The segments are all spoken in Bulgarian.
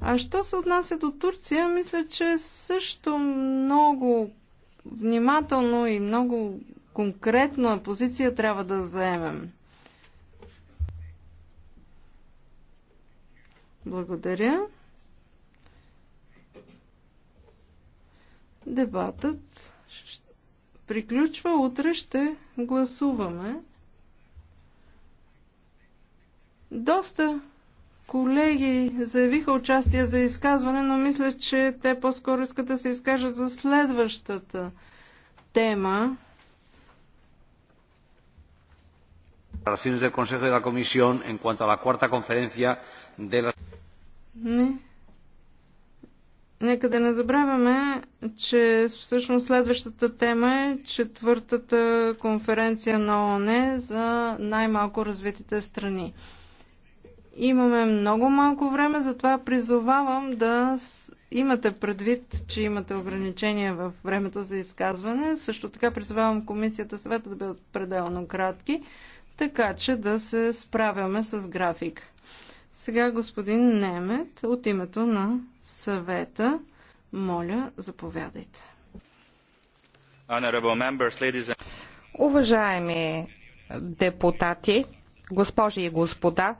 А що се отнася до Турция, мисля, че също много внимателно и много конкретно позиция трябва да заемем. Благодаря. Дебатът приключва. Утре ще гласуваме. Доста колеги заявиха участие за изказване, но мисля, че те по-скоро искат да се изкажат за следващата тема. Declaraciones del Consejo de la Comisión en cuanto a la cuarta conferencia de la... Не. Нека да не забравяме, че всъщност следващата тема е четвъртата конференция на ОНЕ за най-малко развитите страни. Имаме много малко време, затова призовавам да имате предвид, че имате ограничения в времето за изказване. Също така призовавам комисията съвета да бъдат пределно кратки, така че да се справяме с график. Сега господин Немет от името на съвета, моля, заповядайте. Уважаеми депутати, госпожи и господа,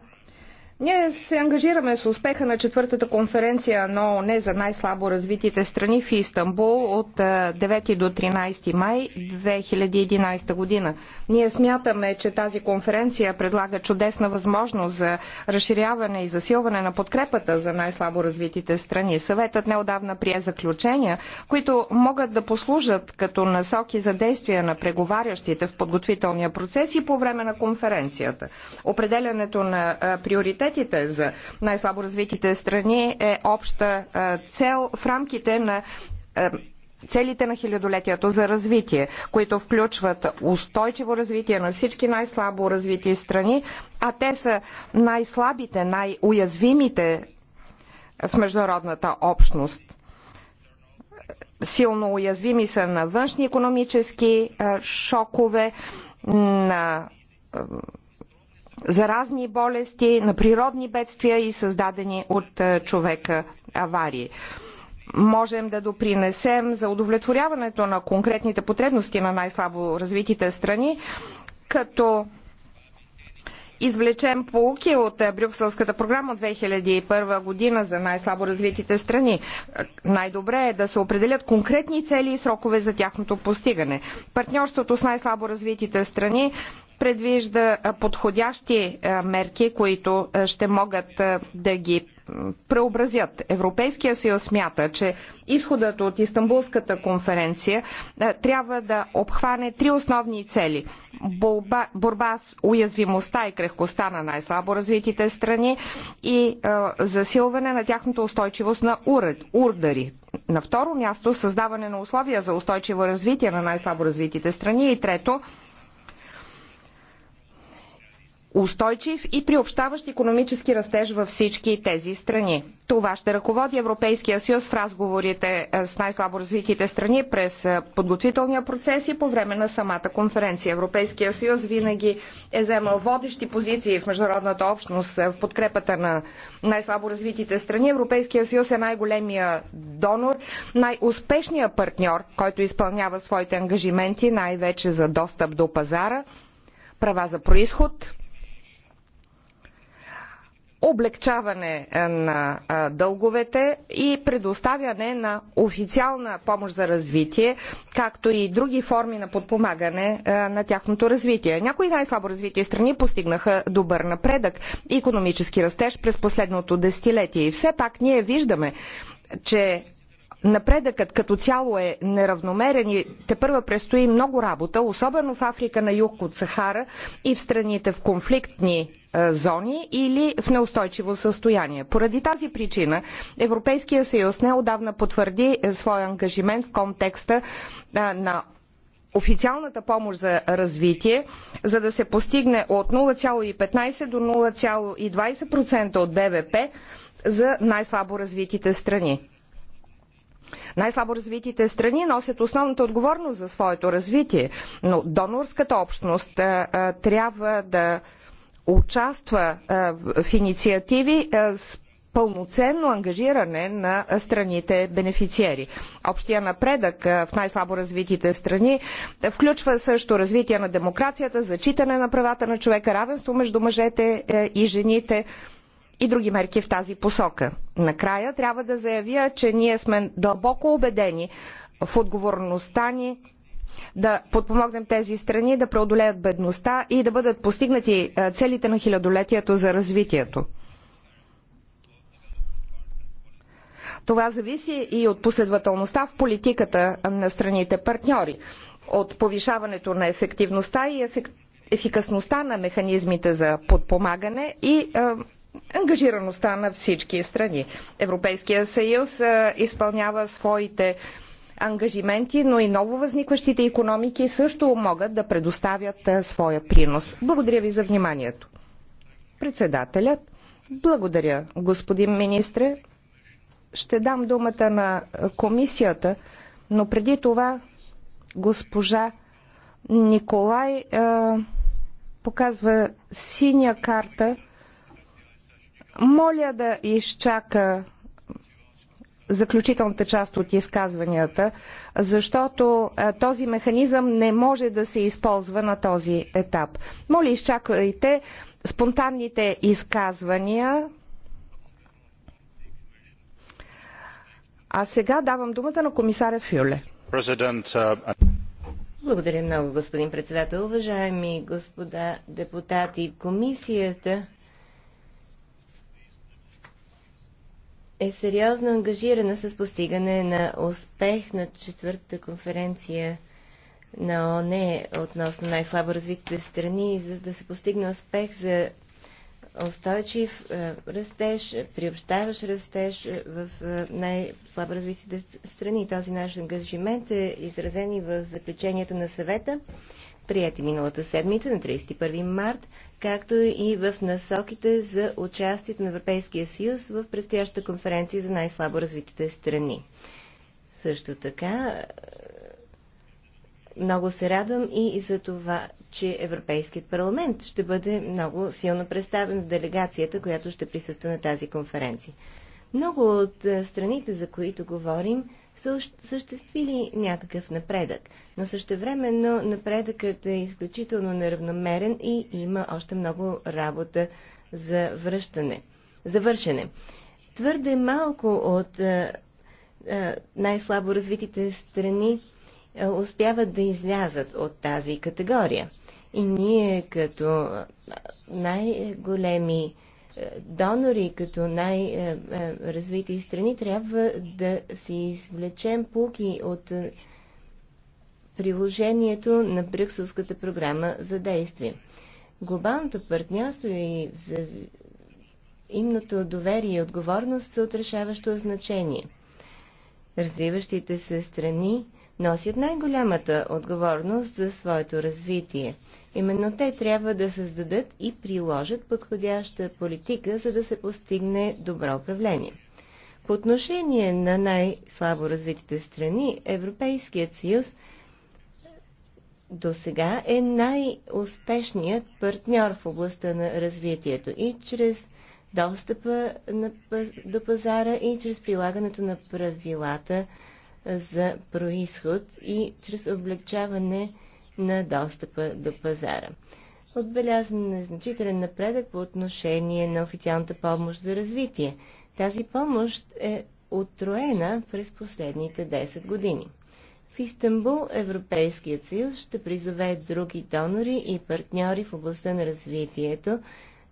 ние се ангажираме с успеха на четвъртата конференция но не за най-слабо развитите страни в Истанбул от 9 е, до 13 май 2011 година. Ние смятаме, че тази конференция предлага чудесна възможност за разширяване и засилване на подкрепата за най-слабо развитите страни. Съветът неодавна прие заключения, които могат да послужат като насоки за действия на преговарящите в подготвителния процес и по време на конференцията. Определянето на е, приоритет приоритетите за най-слабо развитите страни е обща цел в рамките на целите на хилядолетието за развитие, които включват устойчиво развитие на всички най-слабо развити страни, а те са най-слабите, най-уязвимите в международната общност. Силно уязвими са на външни економически шокове, на заразни болести, на природни бедствия и създадени от е, човека аварии. Можем да допринесем за удовлетворяването на конкретните потребности на най-слабо развитите страни, като извлечем полуки от е, Брюкселската програма от 2001 година за най-слабо развитите страни. Най-добре е да се определят конкретни цели и срокове за тяхното постигане. Партньорството с най-слабо развитите страни предвижда е, подходящи е, мерки, които ще могат да ги преобразят. Европейския съюз смята, че изходът от Истанбулската конференция трябва да обхване три основни цели. Борба, борба с уязвимостта и крехкостта на най-слабо развитите страни и засилване на тяхната устойчивост на урдари. На второ място създаване на условия за устойчиво развитие на най-слабо развитите страни и трето устойчив и приобщаващ економически растеж във всички тези страни. Това ще ръководи Европейския съюз в разговорите е, с най-слабо развитите страни през е, подготвителния процес и по време на самата конференция. Европейския съюз винаги е вземал водещи позиции в международната общност е, в подкрепата на най-слабо развитите страни. Европейския съюз е най-големия донор, най-успешният партньор, който изпълнява своите ангажименти най-вече за достъп до пазара, права за происход, облегчаване е, на е, дълговете и предоставяне на официална помощ за развитие, както и други форми на подпомагане е, на тяхното развитие. Някои най-слабо развити страни постигнаха добър напредък и економически растеж през последното десетилетие. И все пак ние виждаме, че Напредъкът като цяло е неравномерен и те първа предстои много работа, особено в Африка на юг от Сахара и в страните в конфликтни е, зони или в неустойчиво състояние. Поради тази причина Европейския съюз неодавна потвърди е, своя ангажимент в контекста е, на официалната помощ за развитие, за да се постигне от 0,15 до 0,20% от БВП за най-слабо развитите страни. Най-слабо развитите страни носят основната отговорност за своето развитие, но донорската общност а, а, трябва да участва в инициативи с пълноценно ангажиране на страните бенефициери. Общия напредък в най-слабо развитите страни включва също развитие на демокрацията, зачитане на правата на човека, равенство между мъжете и жените и други мерки в тази посока. Накрая трябва да заявя, че ние сме дълбоко убедени в отговорността ни да подпомогнем тези страни да преодолеят бедността и да бъдат постигнати целите на хилядолетието за развитието. Това зависи и от последователността в политиката на страните партньори, от повишаването на ефективността и ефик... ефикасността на механизмите за подпомагане и е, ангажираността на всички страни. Европейския съюз е, изпълнява своите ангажименти, но и ново възникващите економики също могат да предоставят своя принос. Благодаря ви за вниманието. Председателят, благодаря, господин министре. Ще дам думата на комисията, но преди това госпожа Николай е, показва синя карта. Моля да изчака заключителната част от изказванията, защото този механизъм не може да се използва на този етап. Моля, изчакайте спонтанните изказвания. А сега давам думата на комисаря Фюле. Uh, Благодаря много, господин председател. Уважаеми господа депутати, комисията е сериозно ангажирана с постигане на успех на четвъртата конференция на ООН относно най-слабо развитите страни, за да се постигне успех за устойчив е, растеж, приобщаващ растеж в е, най-слабо развитите страни. Този наш ангажимент е изразен и в заключенията на съвета, прияти миналата седмица на 31 март както и в насоките за участието на Европейския съюз в предстоящата конференция за най-слабо развитите страни. Също така, много се радвам и за това, че Европейският парламент ще бъде много силно представен в делегацията, която ще присъства на тази конференция. Много от страните, за които говорим, съществили някакъв напредък, но същевременно напредъкът е изключително неравномерен и има още много работа за връщане, завършене. Твърде малко от най-слабо развитите страни а, успяват да излязат от тази категория. И ние като най-големи донори като най-развити страни, трябва да си извлечем пулки от приложението на Брюкселската програма за действие. Глобалното партньорство и взаимното доверие и отговорност са от решаващо значение. Развиващите се страни носят най-голямата отговорност за своето развитие. Именно те трябва да създадат и приложат подходяща политика, за да се постигне добро управление. По отношение на най-слабо развитите страни, Европейският съюз до сега е най-успешният партньор в областта на развитието и чрез достъпа на, до пазара и чрез прилагането на правилата за происход и чрез облегчаване на достъпа до пазара. Отбелязан е значителен напредък по отношение на официалната помощ за развитие. Тази помощ е отроена през последните 10 години. В Истанбул Европейският съюз ще призове други донори и партньори в областта на развитието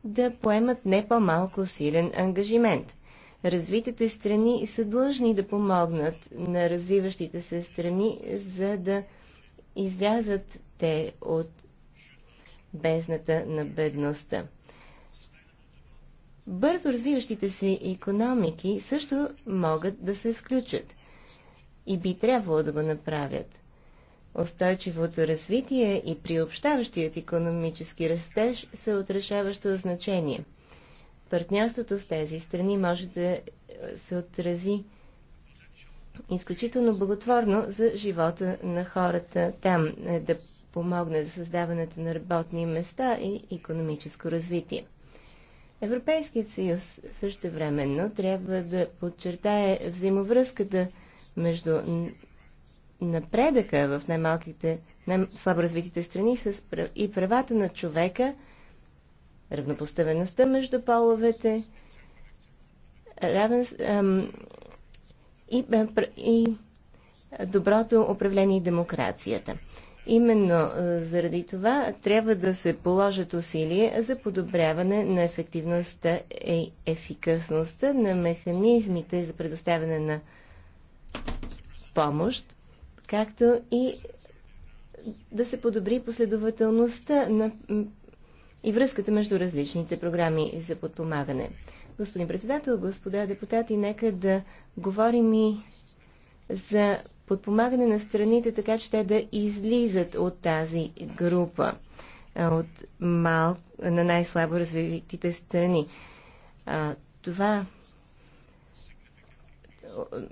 да поемат не по-малко силен ангажимент – Развитите страни са длъжни да помогнат на развиващите се страни, за да излязат те от бездната на бедността. Бързо развиващите се економики също могат да се включат и би трябвало да го направят. Устойчивото развитие и приобщаващият економически растеж са от решаващо значение партньорството с тези страни може да е, се отрази изключително благотворно за живота на хората там, е, да помогне за създаването на работни места и економическо развитие. Европейският съюз също временно трябва да подчертае взаимовръзката между напредъка в най-малките, най-слабо развитите страни и правата на човека – равнопоставеността между половете равен, ам, и, и доброто управление и демокрацията. Именно заради това трябва да се положат усилия за подобряване на ефективността и ефикасността на механизмите за предоставяне на помощ, както и да се подобри последователността на и връзката между различните програми за подпомагане. Господин председател, господа депутати, нека да говорим и за подпомагане на страните, така че те да излизат от тази група от мал, на най-слабо развитите страни. А, това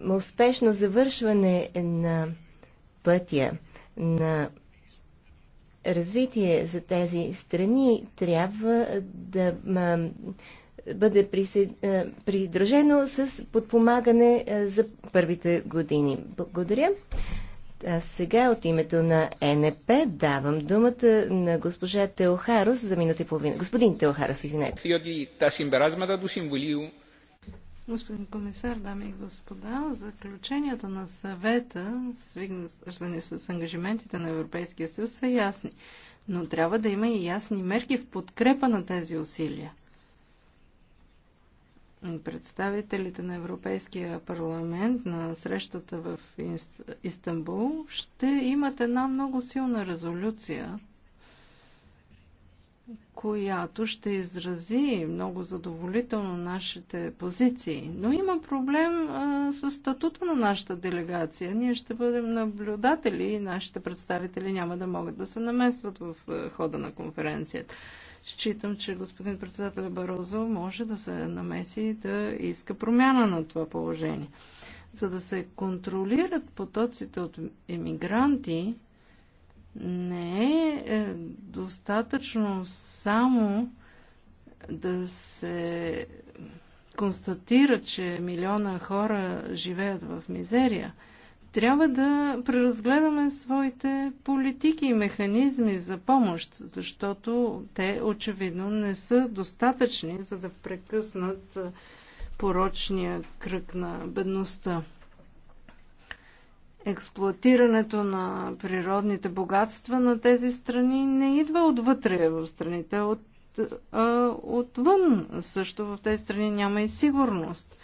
успешно завършване на пътя на развитие за тези страни трябва да бъде придружено с подпомагане за първите години. Благодаря. А сега от името на НП давам думата на госпожа Теохарос за минута и половина. Господин Теохарос, извинете. Господин комисар, дами и господа, заключенията на съвета, свързани с ангажиментите на Европейския съюз, са ясни. Но трябва да има и ясни мерки в подкрепа на тези усилия. Представителите на Европейския парламент на срещата в Истанбул ще имат една много силна резолюция която ще изрази много задоволително нашите позиции. Но има проблем а, с статута на нашата делегация. Ние ще бъдем наблюдатели и нашите представители няма да могат да се наместват в а, хода на конференцията. Считам, че господин председател Барозо може да се намеси и да иска промяна на това положение. За да се контролират потоците от емигранти, не е, е достатъчно само да се констатира, че милиона хора живеят в мизерия. Трябва да преразгледаме своите политики и механизми за помощ, защото те очевидно не са достатъчни, за да прекъснат порочния кръг на бедността експлуатирането на природните богатства на тези страни не идва отвътре в страните, от, а, отвън. Също в тези страни няма и сигурност.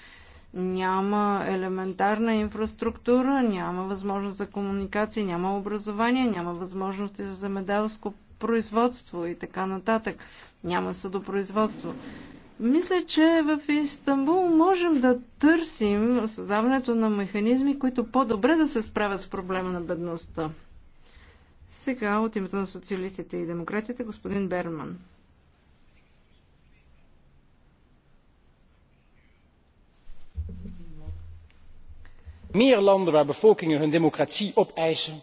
Няма елементарна инфраструктура, няма възможност за комуникации, няма образование, няма възможности за замеделско производство и така нататък. Няма съдопроизводство. Мисля, че в Истанбул можем да търсим създаването на механизми, които по-добре да се справят с проблема на бедността. Сега от името на социалистите и демократите господин Берман. meer landen waar bevolkingen hun democratie opeisen.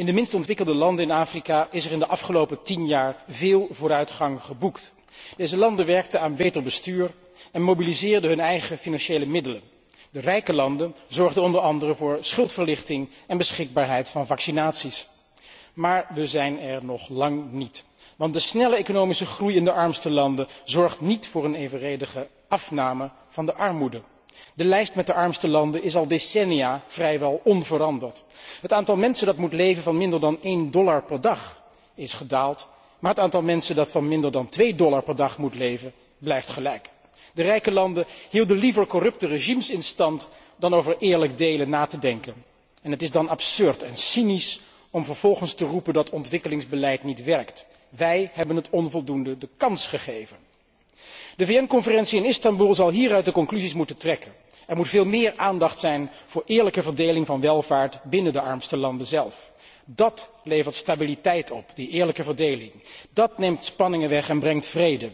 in de minst ontwikkelde landen in afrika is er in de afgelopen tien jaar veel vooruitgang geboekt deze landen werkten aan beter bestuur en mobiliseerden hun eigen financiële middelen. de rijke landen zorgden onder andere voor schuldverlichting en beschikbaarheid van vaccinaties. maar we zijn er nog lang niet want de snelle economische groei in de armste landen zorgt niet voor een evenredige afname van de armoede. de lijst met de armste landen is al decennia vrijwel onveranderd. het aantal mensen dat moet leven van minder dan één dollar per dag is gedaald maar het aantal mensen dat van minder dan twee dollar per dag moet leven blijft gelijk. de rijke landen hielden liever corrupte regimes in stand dan over eerlijk delen na te denken en het is dan absurd en cynisch om vervolgens te roepen dat ontwikkelingsbeleid niet werkt. wij hebben het onvoldoende de kans gegeven. de vn conferentie in istanboel zal hieruit de conclusies moeten trekken. er moet veel meer aandacht zijn voor eerlijke verdeling van welvaart binnen de armste landen zelf dat levert stabiliteit op die eerlijke verdeling. dat neemt spanningen weg en brengt vrede.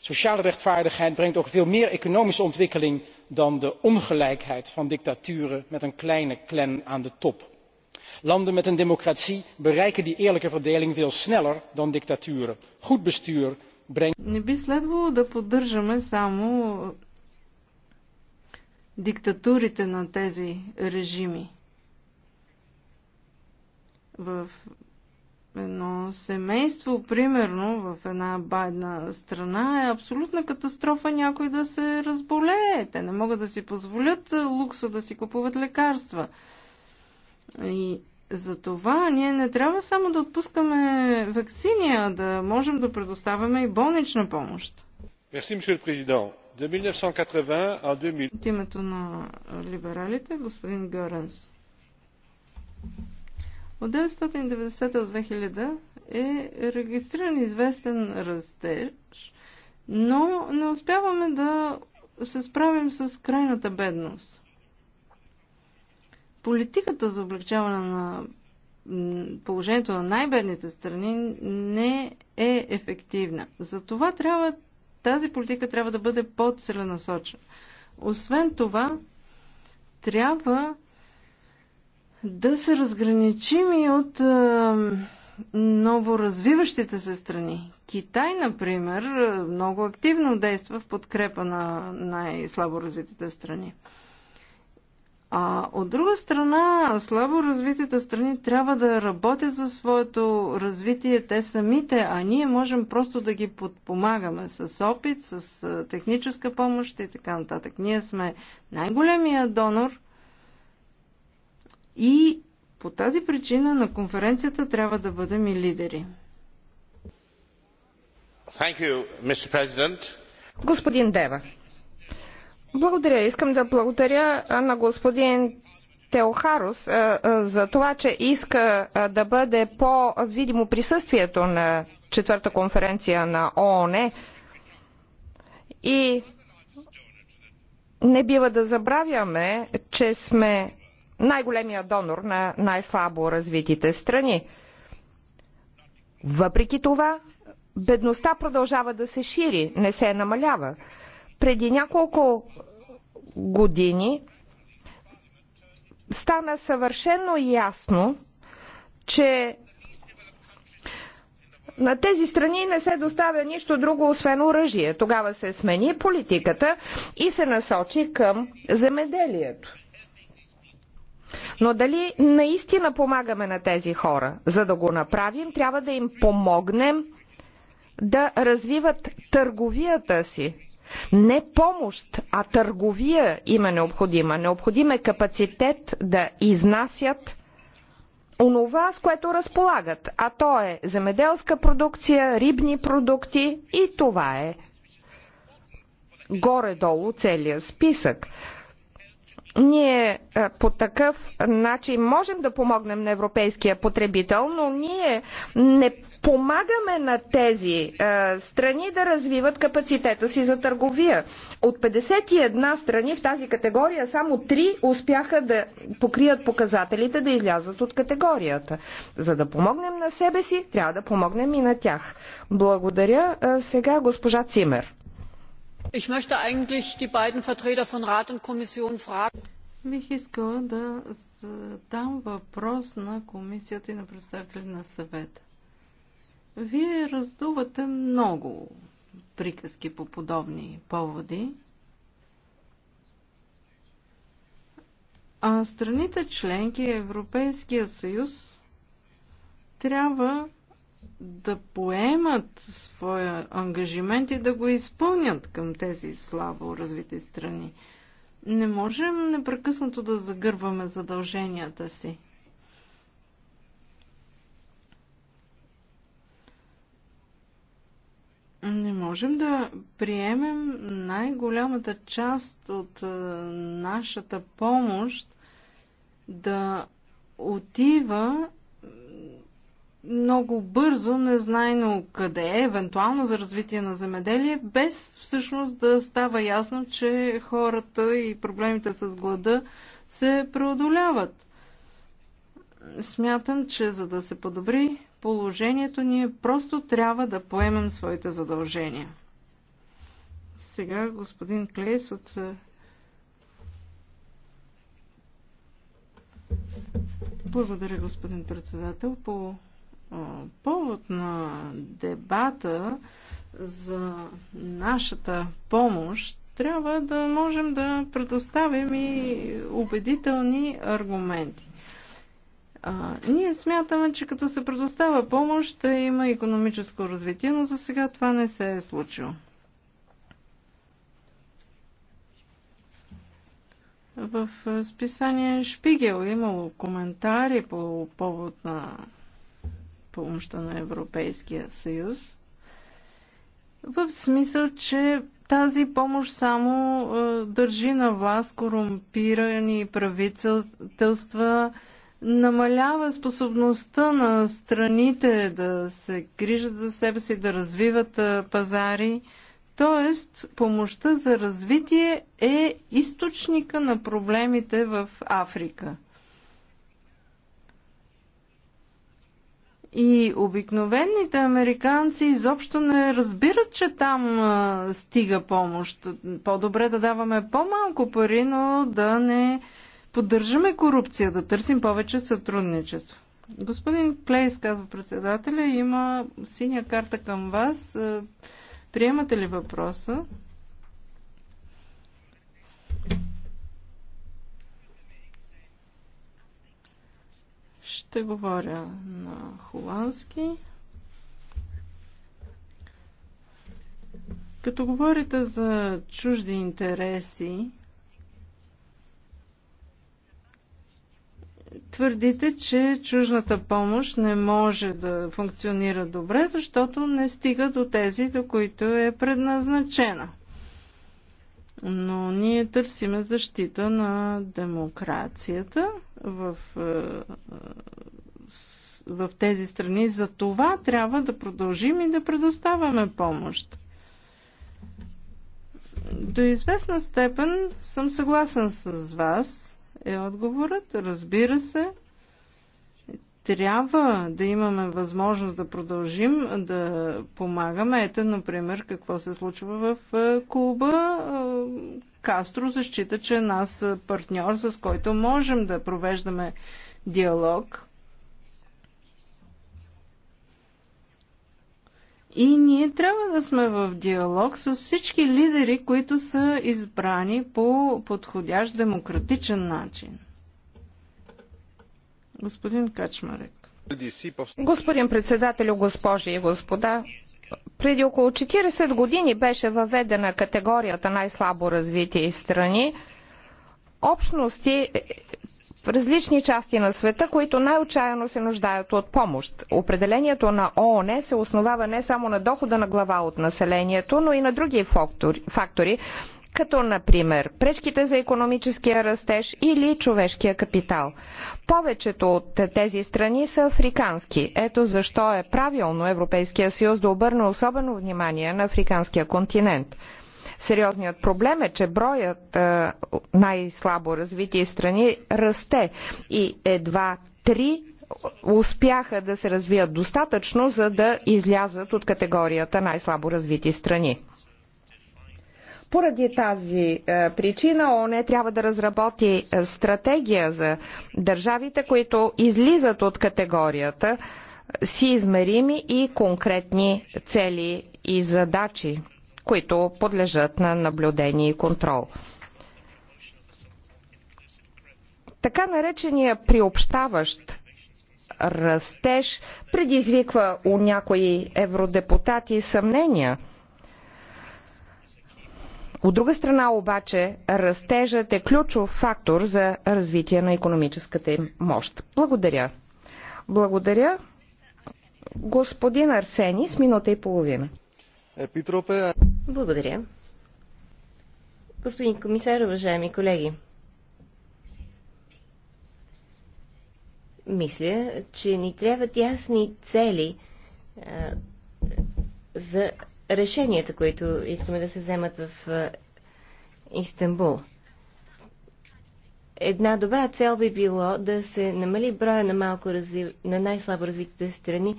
sociale rechtvaardigheid brengt ook veel meer economische ontwikkeling dan de ongelijkheid van dictaturen met een kleine clan aan de top. landen met een democratie bereiken die eerlijke verdeling veel sneller dan dictaturen. goed bestuur brengt. не би следвало да поддържаме само диктатурите на тези режими в едно семейство, примерно в една байдна страна, е абсолютна катастрофа някой да се разболее. Те не могат да си позволят е, лукса да си купуват лекарства. И за това ние не трябва само да отпускаме вакцини, а да можем да предоставяме и болнична помощ. Мерси, мисъл президент. От името на либералите, господин Гъренс. От 990 до 2000 е регистриран известен растеж, но не успяваме да се справим с крайната бедност. Политиката за облегчаване на положението на най-бедните страни не е ефективна. Затова трябва тази политика трябва да бъде по-целенасочена. Освен това, трябва да се разграничим и от новоразвиващите се страни. Китай, например, много активно действа в подкрепа на най-слабо развитите страни. А от друга страна, слабо развитите страни трябва да работят за своето развитие те самите, а ние можем просто да ги подпомагаме с опит, с техническа помощ и така нататък. Ние сме най-големия донор – и по тази причина на конференцията трябва да бъдем и лидери. You, господин Дева, благодаря. Искам да благодаря на господин Теохарус за това, че иска да бъде по-видимо присъствието на четвърта конференция на ООН и не бива да забравяме, че сме най-големия донор на най-слабо развитите страни. Въпреки това, бедността продължава да се шири, не се намалява. Преди няколко години стана съвършено ясно, че на тези страни не се доставя нищо друго, освен оръжие. Тогава се смени политиката и се насочи към земеделието. Но дали наистина помагаме на тези хора? За да го направим, трябва да им помогнем да развиват търговията си. Не помощ, а търговия им е необходима. Необходим е капацитет да изнасят онова, с което разполагат, а то е земеделска продукция, рибни продукти и това е горе-долу целият списък. Ние е, по такъв начин можем да помогнем на европейския потребител, но ние не помагаме на тези е, страни да развиват капацитета си за търговия. От 51 страни в тази категория само 3 успяха да покрият показателите, да излязат от категорията. За да помогнем на себе си, трябва да помогнем и на тях. Благодаря. Е, сега госпожа Цимер. Ich möchte eigentlich die beiden Vertreter von Rat und Kommission fragen. Бих искала да задам въпрос на комисията и на представители на съвета. Вие раздувате много приказки по подобни поводи. А страните членки Европейския съюз трябва да поемат своя ангажимент и да го изпълнят към тези слабо развити страни. Не можем непрекъснато да загърваме задълженията си. Не можем да приемем най-голямата част от нашата помощ да отива много бързо, незнайно къде, е евентуално за развитие на земеделие, без всъщност да става ясно, че хората и проблемите с глада се преодоляват. Смятам, че за да се подобри положението, ние просто трябва да поемем своите задължения. Сега господин Клейс от е, благодаря, господин председател. По повод на дебата за нашата помощ трябва да можем да предоставим и убедителни аргументи. А, ние смятаме, че като се предоставя помощ, ще има економическо развитие, но за сега това не се е случило. В списание Шпигел е имало коментари по повод на помощта на Европейския съюз. В смисъл, че тази помощ само е, държи на власт корумпирани правителства, намалява способността на страните да се грижат за себе си, да развиват е, пазари. Тоест, помощта за развитие е източника на проблемите в Африка – И обикновените американци изобщо не разбират, че там а, стига помощ. По-добре да даваме по-малко пари, но да не поддържаме корупция, да търсим повече сътрудничество. Господин Клейс, казва председателя, има синя карта към вас. Приемате ли въпроса? Ще говоря на холандски. Като говорите за чужди интереси, твърдите, че чужната помощ не може да функционира добре, защото не стига до тези, до които е предназначена. Но ние търсиме защита на демокрацията – в, е, е, в тези страни. За това трябва да продължим и да предоставяме помощ. До известна степен съм съгласен с вас, е отговорът. Разбира се, трябва да имаме възможност да продължим да помагаме. Ето, например, какво се случва в е, Куба, Кастро защита, че е нас е, партньор, с който можем да провеждаме диалог. И ние трябва да сме в диалог с всички лидери, които са избрани по подходящ демократичен начин. Господин Качмарек. Господин председател, госпожи и господа, преди около 40 години беше въведена категорията най-слабо развити страни. Общности в е, различни части на света, които най-отчаяно се нуждаят от помощ. Определението на ООН се основава не само на дохода на глава от населението, но и на други фактори, като например пречките за економическия растеж или човешкия капитал. Повечето от тези страни са африкански. Ето защо е правилно Европейския съюз да обърне особено внимание на африканския континент. Сериозният проблем е, че броят е, най-слабо развити страни расте и едва три успяха да се развият достатъчно, за да излязат от категорията най-слабо развити страни. Поради тази е, причина ОНЕ трябва да разработи е, стратегия за държавите, които излизат от категорията си измерими и конкретни цели и задачи, които подлежат на наблюдение и контрол. Така наречения приобщаващ растеж предизвиква у някои евродепутати съмнения – от друга страна обаче, растежът е ключов фактор за развитие на економическата им мощ. Благодаря. Благодаря. Господин Арсени с минута и половина. Епитропе. Благодаря. Господин комисар, уважаеми колеги, мисля, че ни трябват ясни цели а, за решенията, които искаме да се вземат в Истанбул. Една добра цел би било да се намали броя на, малко разви... на най-слабо развитите страни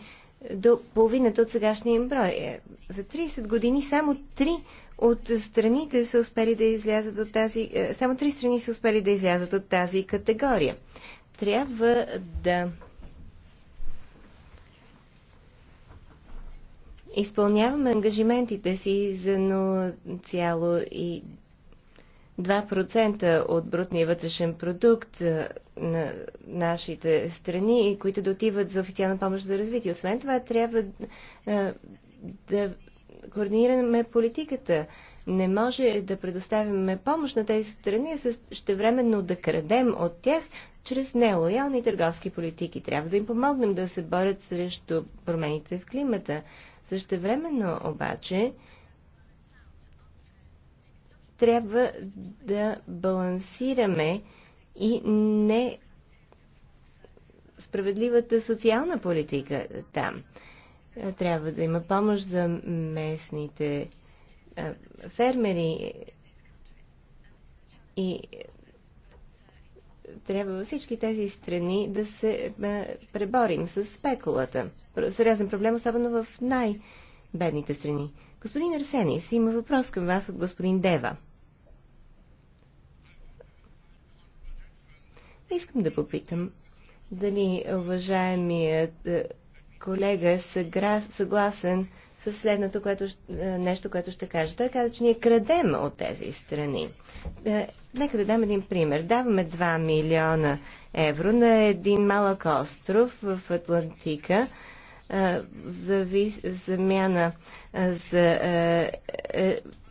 до половината от сегашния им брой. Е, за 30 години само 3 от страните са успели да излязат от тази... Е, само 3 страни са успели да излязат от тази категория. Трябва да изпълняваме ангажиментите си за 0,2% от брутния вътрешен продукт на нашите страни, които дотиват за официална помощ за развитие. Освен това, трябва да координираме политиката. Не може да предоставяме помощ на тези страни, а ще временно да крадем от тях чрез нелоялни търговски политики. Трябва да им помогнем да се борят срещу промените в климата, Същевременно обаче трябва да балансираме и не справедливата социална политика там. Трябва да има помощ за местните фермери и трябва във всички тези страни да се е, преборим с спекулата. Сериозен проблем, особено в най-бедните страни. Господин Арсенис, има въпрос към вас от господин Дева. Искам да попитам дали уважаемият е, колега е съгласен с следното което, е, нещо, което ще кажа. Той каза, че ние крадем от тези страни. Е, нека да дам един пример. Даваме 2 милиона евро на един малък остров в Атлантика е, за замяна за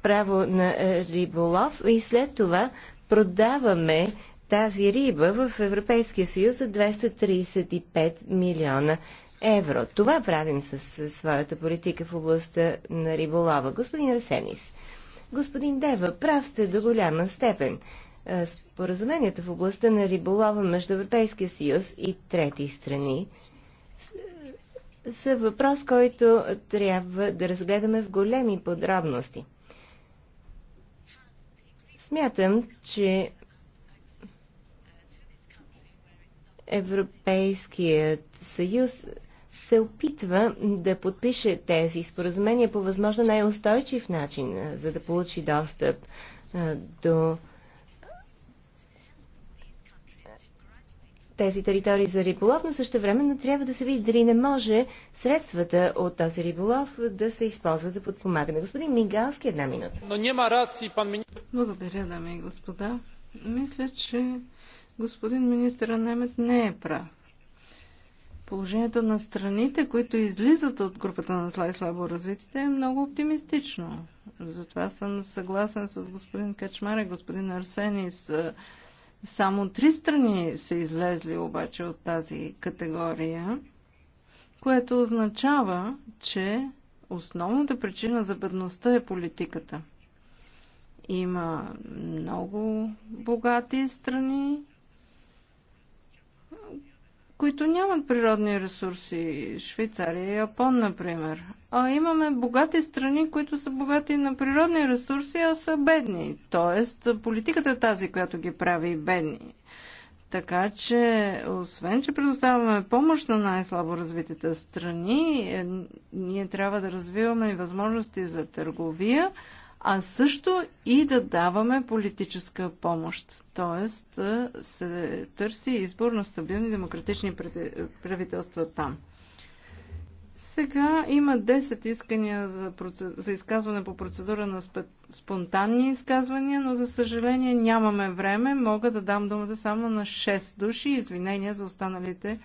право на риболов и след това продаваме тази риба в Европейския съюз за 235 милиона евро. Това правим с, с своята политика в областта на риболова. Господин Арсенис, господин Дева, прав сте до голяма степен. Е, споразуменията в областта на риболова между Европейския съюз и трети страни са въпрос, който трябва да разгледаме в големи подробности. Смятам, че Европейският съюз се опитва да подпише тези споразумения по възможно най-устойчив начин, за да получи достъп до тези територии за риболов, но също време, но трябва да се види дали не може средствата от този риболов да се използват за подпомагане. Господин Мигалски, една минута. Но няма рации, пан Благодаря, дами и господа. Мисля, че господин министър Немет не е прав. Положението на страните, които излизат от групата на зла и слабо развитите, е много оптимистично. Затова съм съгласен с господин Качмар и господин Арсенис. Само три страни са излезли обаче от тази категория, което означава, че основната причина за бедността е политиката. Има много богати страни, които нямат природни ресурси, Швейцария и Япон, например. А имаме богати страни, които са богати на природни ресурси, а са бедни. Тоест, политиката е тази, която ги прави бедни. Така че, освен, че предоставяме помощ на най-слабо развитите страни, е, ние трябва да развиваме и възможности за търговия, а също и да даваме политическа помощ. Тоест да се търси избор на стабилни демократични правителства там. Сега има 10 искания за, проц... за изказване по процедура на сп... спонтанни изказвания, но за съжаление нямаме време. Мога да дам думата само на 6 души. Извинения за останалите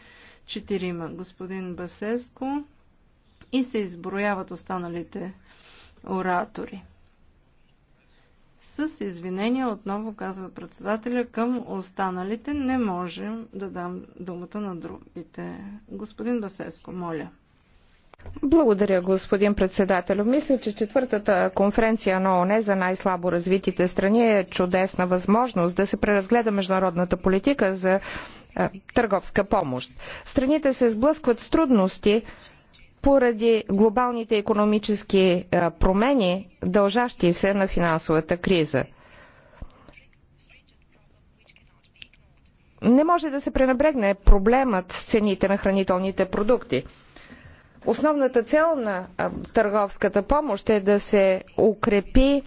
4. Господин Басеско и се изброяват останалите оратори. С извинение, отново казва председателя, към останалите не можем да дам думата на другите. Господин Басеско, моля. Благодаря, господин председател. Мисля, че четвъртата конференция на ОНЕ за най-слабо развитите страни е чудесна възможност да се преразгледа международната политика за е, търговска помощ. Страните се сблъскват с трудности, поради глобалните економически е, промени, дължащи се на финансовата криза. Не може да се пренебрегне проблемът с цените на хранителните продукти. Основната цел на търговската помощ е да се укрепи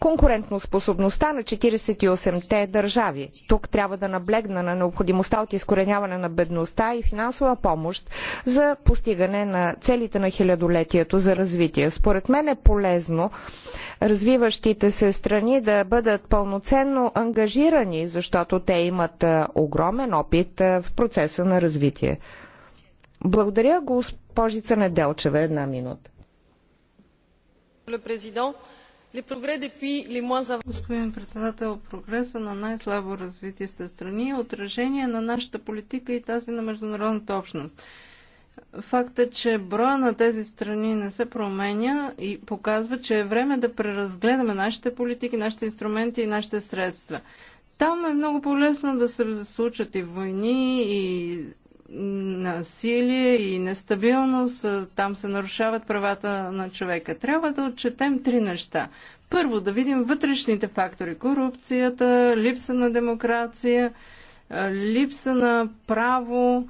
конкурентноспособността на 48-те държави. Тук трябва да наблегна на необходимостта от изкореняване на бедността и финансова помощ за постигане на целите на хилядолетието за развитие. Според мен е полезно развиващите се страни да бъдат пълноценно ангажирани, защото те имат огромен опит в процеса на развитие. Благодаря, госпожица Неделчева. Една минута. Господин председател, прогреса на най-слабо развитите страни е отражение на нашата политика и тази на международната общност. Факта, е, че броя на тези страни не се променя и показва, че е време да преразгледаме нашите политики, нашите инструменти и нашите средства. Там е много по-лесно да се случат и войни, и насилие и нестабилност, там се нарушават правата на човека. Трябва да отчетем три неща. Първо, да видим вътрешните фактори корупцията, липса на демокрация, липса на право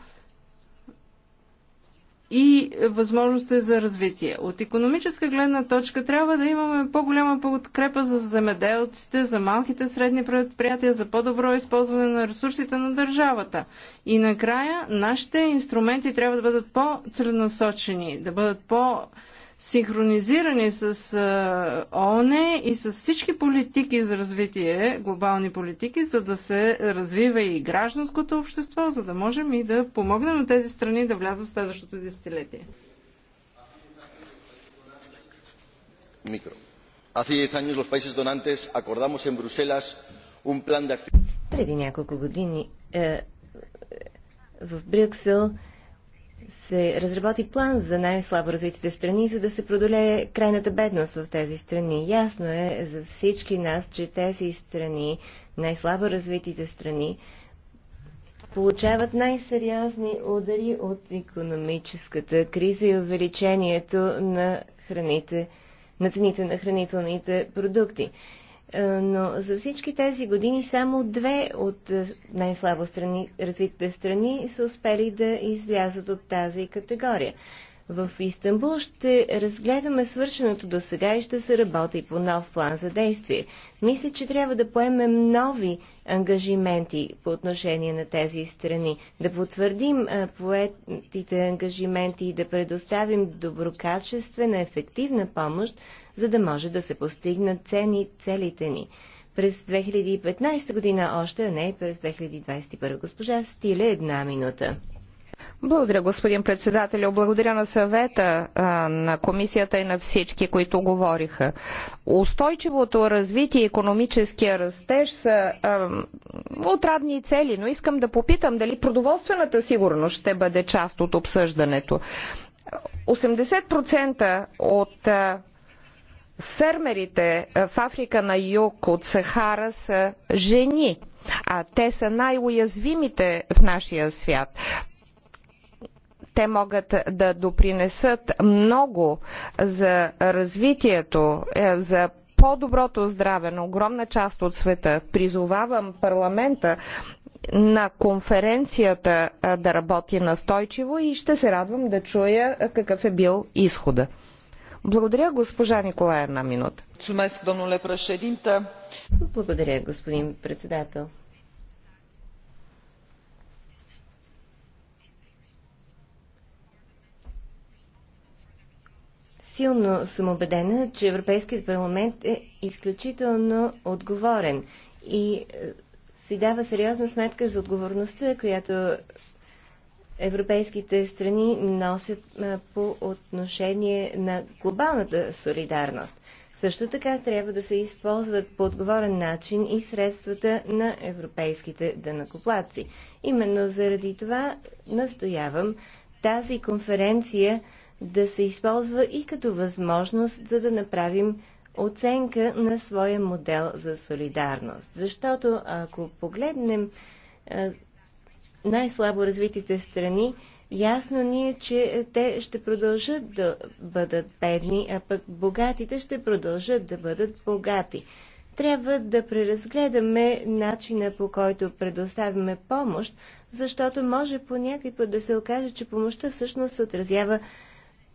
и възможности за развитие. От економическа гледна точка трябва да имаме по-голяма подкрепа за земеделците, за малките средни предприятия, за по-добро използване на ресурсите на държавата. И накрая нашите инструменти трябва да бъдат по-целенасочени, да бъдат по- синхронизирани с ООН и с всички политики за развитие, глобални политики, за да се развива и гражданското общество, за да можем и да помогнем на тези страни да влязат в следващото десетилетие. Micro. Hace 10 años los países donantes acordamos en Bruselas un plan de acción. Преди няколко години е, в Брюксел се разработи план за най-слабо развитите страни, за да се продолее крайната бедност в тези страни. Ясно е за всички нас, че тези страни, най-слабо развитите страни, получават най-сериозни удари от економическата криза и увеличението на храните, на цените на хранителните продукти. Е, но за всички тези години само две от е, най-слабо страни, развитите страни са успели да излязат от тази категория. В Истанбул ще разгледаме свършеното до сега и ще се работи по нов план за действие. Мисля, че трябва да поемем нови ангажименти по отношение на тези страни, да потвърдим поетите ангажименти и да предоставим доброкачествена, ефективна помощ, за да може да се постигнат цени целите ни през 2015 година още, а не през 2021. Госпожа Стиле, една минута. Благодаря, господин председател, Благодаря на съвета на комисията и на всички, които говориха. Устойчивото развитие и економическия растеж са отрадни цели, но искам да попитам дали продоволствената сигурност ще бъде част от обсъждането. 80% от фермерите в Африка на юг от Сахара са жени, а те са най-уязвимите в нашия свят. Те могат да допринесат много за развитието, е, за по-доброто здраве на огромна част от света. Призовавам парламента на конференцията да работи настойчиво и ще се радвам да чуя какъв е бил изхода. Благодаря, госпожа Николая, една минута. Благодаря, господин председател. силно съм убедена, че Европейският парламент е изключително отговорен и е, си дава сериозна сметка за отговорността, която европейските страни носят е, по отношение на глобалната солидарност. Също така трябва да се използват по отговорен начин и средствата на европейските дънакоплаци. Именно заради това настоявам тази конференция да се използва и като възможност за да направим оценка на своя модел за солидарност. Защото ако погледнем най-слабо развитите страни, ясно ни е, че те ще продължат да бъдат бедни, а пък богатите ще продължат да бъдат богати. Трябва да преразгледаме начина по който предоставяме помощ, защото може по път да се окаже, че помощта всъщност се отразява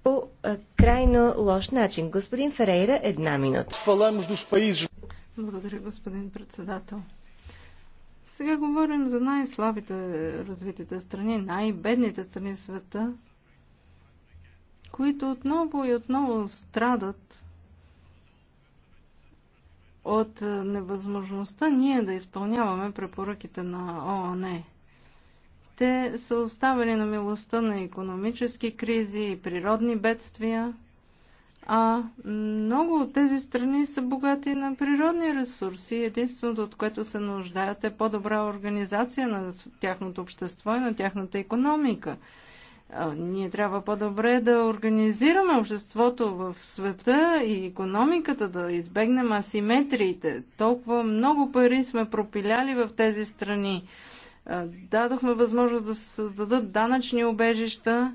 по крайно лош начин. Господин Ферейра, една минута. Благодаря, господин председател. Сега говорим за най-слабите развитите страни, най-бедните страни в света, които отново и отново страдат от невъзможността ние да изпълняваме препоръките на ООН. Те са оставени на милостта на економически кризи и природни бедствия. А много от тези страни са богати на природни ресурси. Единственото, от което се нуждаят, е по-добра организация на тяхното общество и на тяхната економика. Ние трябва по-добре да организираме обществото в света и економиката, да избегнем асиметриите. Толкова много пари сме пропиляли в тези страни дадохме възможност да се създадат данъчни обежища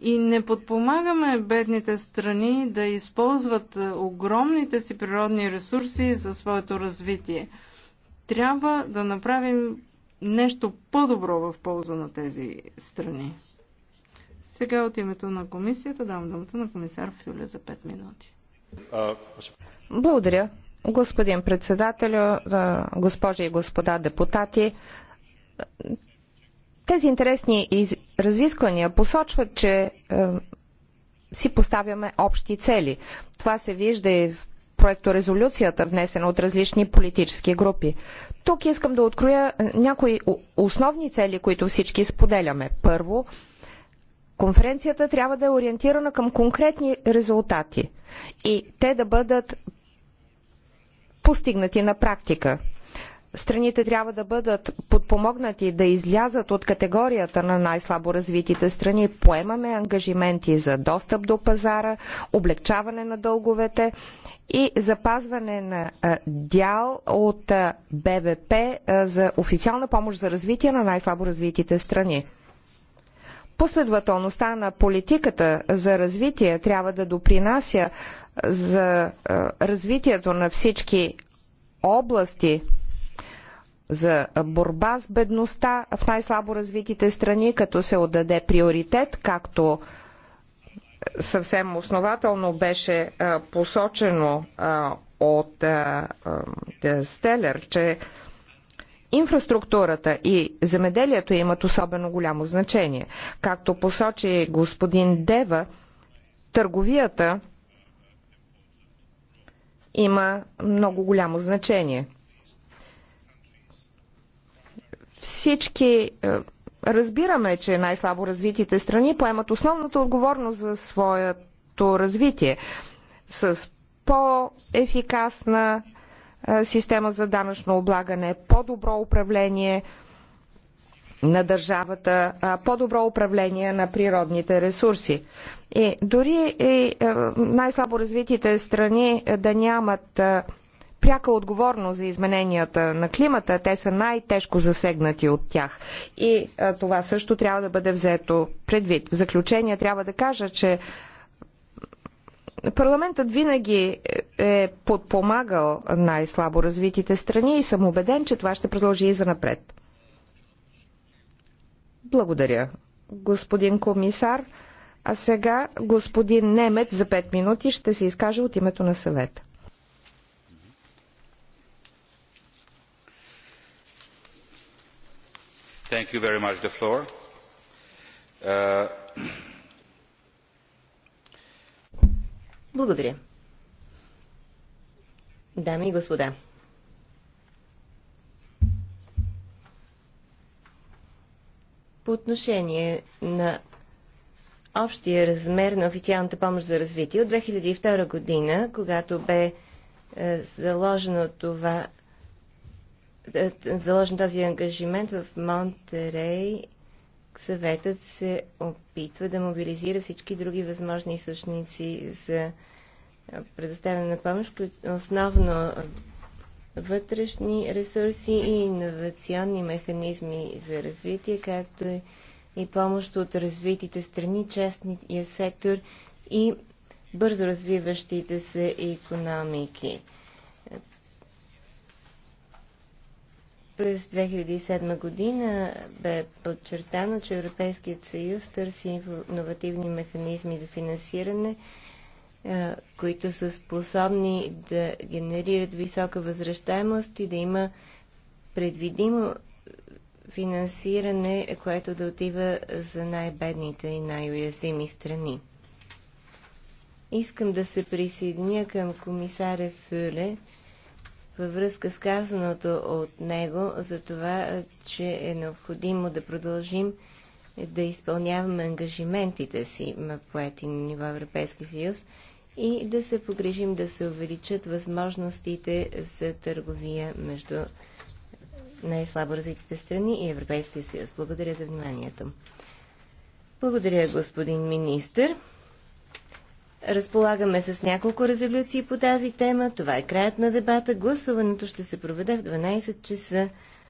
и не подпомагаме бедните страни да използват огромните си природни ресурси за своето развитие. Трябва да направим нещо по-добро в полза на тези страни. Сега от името на комисията давам думата на комисар Фюле за 5 минути. Благодаря. Господин председател, госпожи и господа депутати, тези интересни разисквания посочват, че е, си поставяме общи цели. Това се вижда и в проекто резолюцията, внесена от различни политически групи. Тук искам да откроя е, някои основни цели, които всички споделяме. Първо, конференцията трябва да е ориентирана към конкретни резултати и те да бъдат постигнати на практика страните трябва да бъдат подпомогнати да излязат от категорията на най-слабо развитите страни. Поемаме ангажименти за достъп до пазара, облегчаване на дълговете и запазване на дял от БВП за официална помощ за развитие на най-слабо развитите страни. Последователността на политиката за развитие трябва да допринася за развитието на всички области – за борба с бедността в най-слабо развитите страни, като се отдаде приоритет, както съвсем основателно беше посочено от Стелер, че инфраструктурата и земеделието имат особено голямо значение. Както посочи господин Дева, търговията има много голямо значение – всички е, разбираме, че най-слабо развитите страни поемат основната отговорност за своето развитие с по-ефикасна е, система за данъчно облагане, по-добро управление на държавата, е, по-добро управление на природните ресурси. И дори и най-слабо развитите страни да нямат пряка отговорност за измененията на климата. Те са най-тежко засегнати от тях. И а, това също трябва да бъде взето предвид. В заключение трябва да кажа, че парламентът винаги е подпомагал най-слабо развитите страни и съм убеден, че това ще продължи и за напред. Благодаря, господин комисар. А сега господин Немет за 5 минути ще се изкаже от името на съвета. Thank you very much. The floor. Uh, Благодаря. Дами и господа, по отношение на общия размер на официалната помощ за развитие от 2002 година, когато бе е, заложено това е, заложен този ангажимент в Монтерей, съветът се опитва да мобилизира всички други възможни източници за предоставяне на помощ, основно вътрешни ресурси и иновационни механизми за развитие, както и помощ от развитите страни, частния сектор и бързо развиващите се економики. През 2007 година бе подчертано, че Европейският съюз търси иновативни механизми за финансиране, които са способни да генерират висока възвръщаемост и да има предвидимо финансиране, което да отива за най-бедните и най-уязвими страни. Искам да се присъединя към комисаря Фюле, във връзка с казаното от него за това, че е необходимо да продължим да изпълняваме ангажиментите си, поети на ниво Европейски съюз, и да се погрежим да се увеличат възможностите за търговия между най-слабо развитите страни и Европейския съюз. Благодаря за вниманието. Благодаря, господин министр. Разполагаме с няколко резолюции по тази тема. Това е краят на дебата. Гласуването ще се проведе в 12 часа.